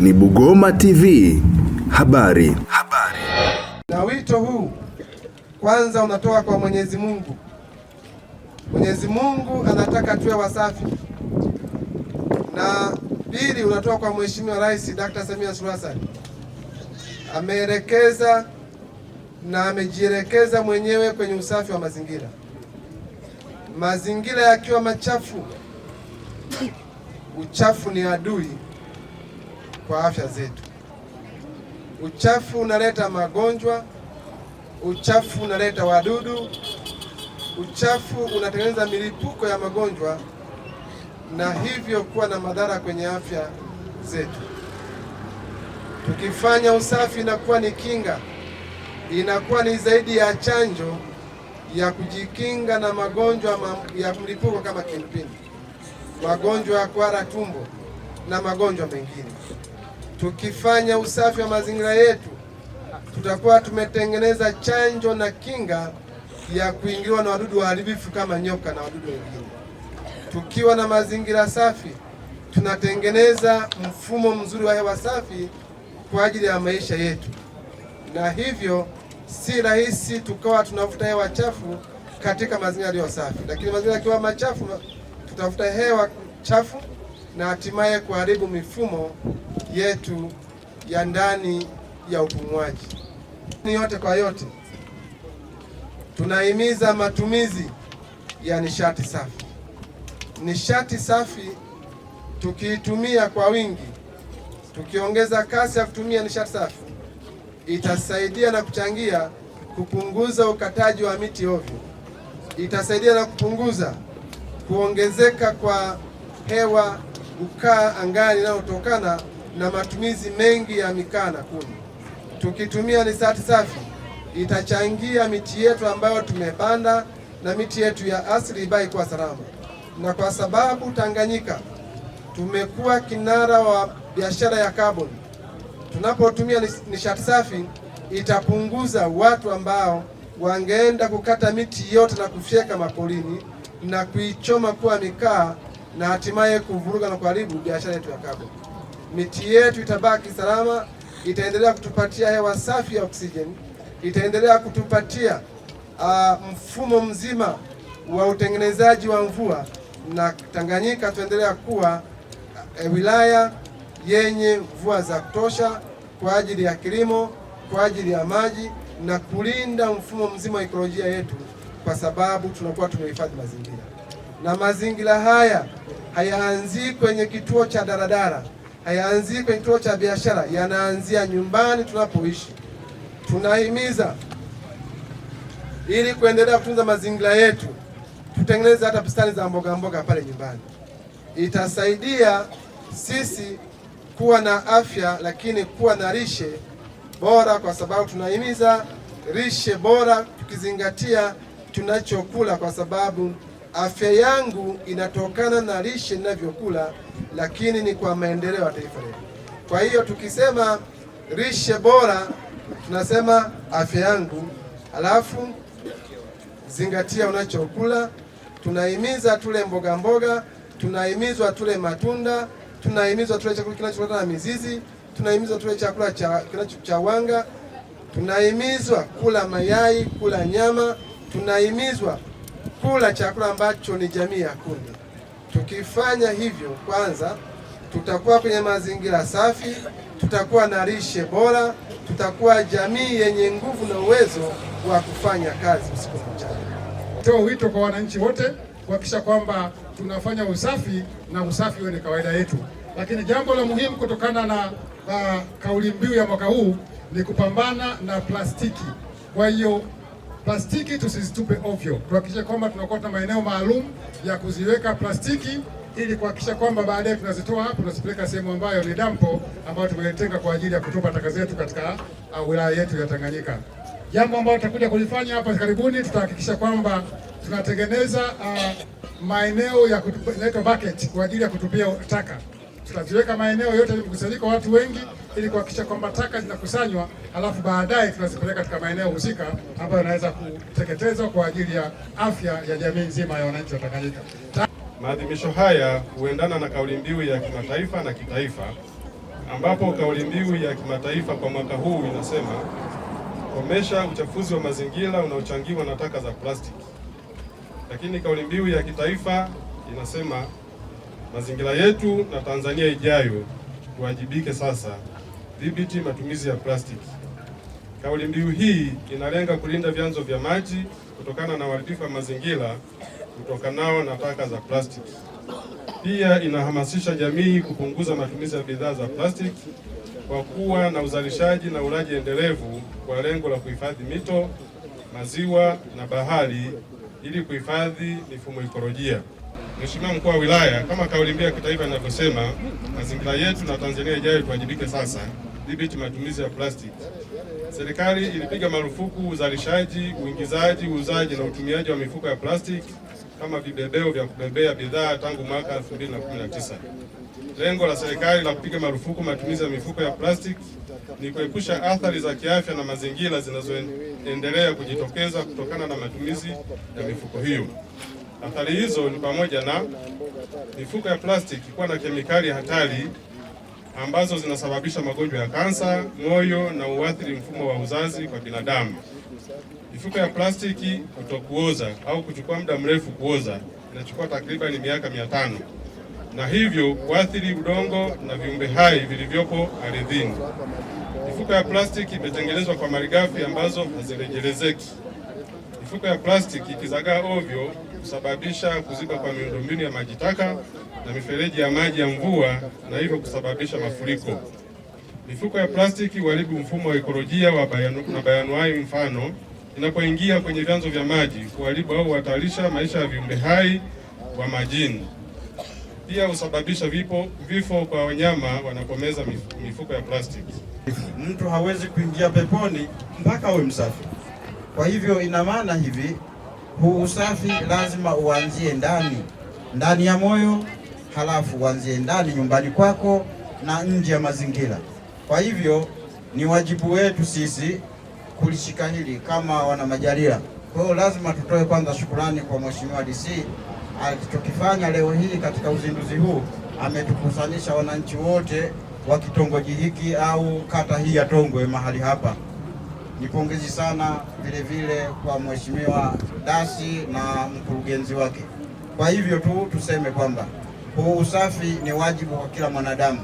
ni Bugoma TV habari. Habari na wito huu kwanza unatoka kwa Mwenyezi Mungu. Mwenyezi Mungu anataka tuwe wasafi, na pili unatoka kwa Mheshimiwa Rais Dr. Samia Suluhu Hassan, ameelekeza na amejielekeza mwenyewe kwenye usafi wa mazingira. Mazingira yakiwa machafu, uchafu ni adui kwa afya zetu. Uchafu unaleta magonjwa, uchafu unaleta wadudu, uchafu unatengeneza milipuko ya magonjwa na hivyo kuwa na madhara kwenye afya zetu. Tukifanya usafi inakuwa ni kinga, inakuwa ni zaidi ya chanjo ya kujikinga na magonjwa ya mlipuko kama kipindupindu, magonjwa ya kuhara tumbo na magonjwa mengine. Tukifanya usafi wa mazingira yetu, tutakuwa tumetengeneza chanjo na kinga ya kuingiliwa na wadudu waharibifu kama nyoka na wadudu wengine. Tukiwa na mazingira safi, tunatengeneza mfumo mzuri wa hewa safi kwa ajili ya maisha yetu, na hivyo si rahisi tukawa tunavuta hewa chafu katika mazingira yaliyo safi, lakini mazingira yakiwa machafu tutavuta hewa chafu na hatimaye kuharibu mifumo yetu ya ndani ya upumuaji. Yote kwa yote, tunahimiza matumizi ya nishati safi. Nishati safi tukiitumia kwa wingi, tukiongeza kasi ya kutumia nishati safi, itasaidia na kuchangia kupunguza ukataji wa miti ovyo, itasaidia na kupunguza kuongezeka kwa hewa ukaa angani inayotokana na matumizi mengi ya mikaa na kuni. Tukitumia nishati safi itachangia miti yetu ambayo tumepanda na miti yetu ya asili ibaki kuwa salama, na kwa sababu Tanganyika tumekuwa kinara wa biashara ya kaboni, tunapotumia nishati safi itapunguza watu ambao wangeenda kukata miti yote na kufyeka mapolini na kuichoma kuwa mikaa na hatimaye kuvuruga na kuharibu biashara yetu ya kaboni. Miti yetu itabaki salama, itaendelea kutupatia hewa safi ya oksijeni, itaendelea kutupatia uh, mfumo mzima wa utengenezaji wa mvua na Tanganyika tuendelea kuwa uh, wilaya yenye mvua za kutosha kwa ajili ya kilimo, kwa ajili ya maji na kulinda mfumo mzima wa ekolojia yetu, kwa sababu tunakuwa tumehifadhi mazingira na mazingira haya hayaanzii kwenye kituo cha daladala, hayaanzii kwenye kituo cha biashara, yanaanzia nyumbani tunapoishi. Tunahimiza ili kuendelea kutunza mazingira yetu, tutengeneze hata bustani za mboga mboga pale nyumbani, itasaidia sisi kuwa na afya, lakini kuwa na lishe bora, kwa sababu tunahimiza lishe bora tukizingatia tunachokula kwa sababu afya yangu inatokana na lishe ninavyokula, lakini ni kwa maendeleo ya taifa letu. Kwa hiyo tukisema lishe bora, tunasema afya yangu, alafu zingatia unachokula. Tunahimiza tule mboga mboga, tunahimizwa tule matunda, tunahimizwa tule chakula kinachotokana na mizizi, tunahimizwa tule chakula cha cha wanga, tunahimizwa kula mayai, kula nyama, tunahimizwa kula chakula ambacho ni jamii ya kunde. Tukifanya hivyo, kwanza tutakuwa kwenye mazingira safi, tutakuwa na lishe bora, tutakuwa jamii yenye nguvu na uwezo wa kufanya kazi usiku na mchana. Toa wito kwa wananchi wote kuhakikisha kwamba tunafanya usafi na usafi huwe ni kawaida yetu. Lakini jambo la muhimu kutokana na uh, kauli mbiu ya mwaka huu ni kupambana na plastiki. Kwa hiyo Plastiki tusizitupe ovyo, tuhakikishe kwamba tunakuwa na maeneo maalum ya kuziweka plastiki ili kuhakikisha kwamba baadaye tunazitoa hapo, tunazipeleka sehemu ambayo ni dampo ambayo tumeitenga kwa ajili ya kutupa taka zetu katika uh, wilaya yetu ya Tanganyika. Jambo ambalo tutakuja kulifanya hapa karibuni, tutahakikisha kwamba tunatengeneza uh, maeneo ya inaitwa bucket kwa ajili ya kutupia taka tunaziweka maeneo yote yenye mkusanyiko watu wengi, ili kuhakikisha kwamba taka zinakusanywa, halafu baadaye tunazipeleka katika maeneo husika ambayo yanaweza kuteketezwa kwa ajili ya afya ya jamii nzima ya wananchi wa Tanganyika. Maadhimisho haya huendana na kauli mbiu ya kimataifa na kitaifa, ambapo kauli mbiu ya kimataifa kwa mwaka huu inasema komesha uchafuzi wa mazingira unaochangiwa na taka za plastiki, lakini kauli mbiu ya kitaifa inasema mazingira yetu na Tanzania ijayo, tuwajibike sasa. Dhibiti matumizi ya plastiki. Kauli mbiu hii inalenga kulinda vyanzo vya maji kutokana na uharibifu wa mazingira kutokanao na taka za plastiki. Pia inahamasisha jamii kupunguza matumizi ya bidhaa za plastiki kwa kuwa na uzalishaji na ulaji endelevu kwa lengo la kuhifadhi mito, maziwa na bahari ili kuhifadhi mifumo ikolojia. Mheshimiwa mkuu wa wilaya, kama kauli mbiu ya kitaifa inavyosema, mazingira yetu na Tanzania ijayo tuwajibike sasa, dhibiti matumizi ya plastiki. Serikali ilipiga marufuku uzalishaji, uingizaji, uuzaji na utumiaji wa mifuko ya plastiki kama vibebeo vya kubebea bidhaa tangu mwaka 2019. Lengo la serikali la kupiga marufuku matumizi ya mifuko ya plastiki ni kuepusha athari za kiafya na mazingira zinazoendelea kujitokeza kutokana na matumizi ya mifuko hiyo. Athari hizo ni pamoja na mifuko ya plastiki kuwa na kemikali hatari ambazo zinasababisha magonjwa ya kansa, moyo na uathiri mfumo wa uzazi kwa binadamu. Mifuko ya plastiki kutokuoza au kuchukua muda mrefu kuoza inachukua takribani miaka mia tano na hivyo kuathiri udongo na viumbe hai vilivyopo ardhini. Mifuko ya plastiki imetengenezwa kwa malighafi ambazo hazirejelezeki. Mifuko ya plastiki ikizagaa ovyo kusababisha kuzika kwa miundombinu ya maji taka na mifereji ya maji ya mvua na hivyo kusababisha mafuriko. Mifuko ya plastiki huharibu mfumo wa ekolojia wa bayanu, na bayanuai mfano inapoingia kwenye vyanzo vya maji kuharibu au kuhatarisha maisha ya viumbe hai wa majini. Pia husababisha vipo, vifo kwa wanyama wanapomeza mifuko ya plastiki. Mtu hawezi kuingia peponi mpaka awe msafi. Kwa hivyo ina maana hivi huu usafi lazima uanzie ndani, ndani ya moyo, halafu uanzie ndani nyumbani kwako na nje ya mazingira. Kwa hivyo ni wajibu wetu sisi kulishika hili kama wana Majalila. Kwa hiyo lazima tutoe kwanza shukurani kwa Mheshimiwa DC alichokifanya leo hii katika uzinduzi huu. Ametukusanisha wananchi wote wa kitongoji hiki au kata hii ya Tongwe mahali hapa. Nipongezi sana vile vile kwa mheshimiwa Dasi na mkurugenzi wake. Kwa hivyo tu tuseme kwamba huu usafi ni wajibu kwa kila mwanadamu,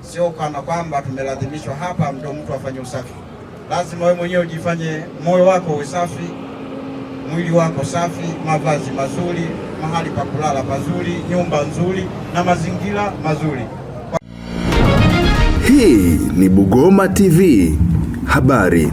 sio kana kwamba tumelazimishwa hapa ndio mtu afanye usafi. Lazima wewe mwenyewe ujifanye, moyo wako safi, mwili wako safi, mavazi mazuri, mahali pa kulala pazuri, nyumba nzuri na mazingira mazuri. Hii ni Bugoma TV habari.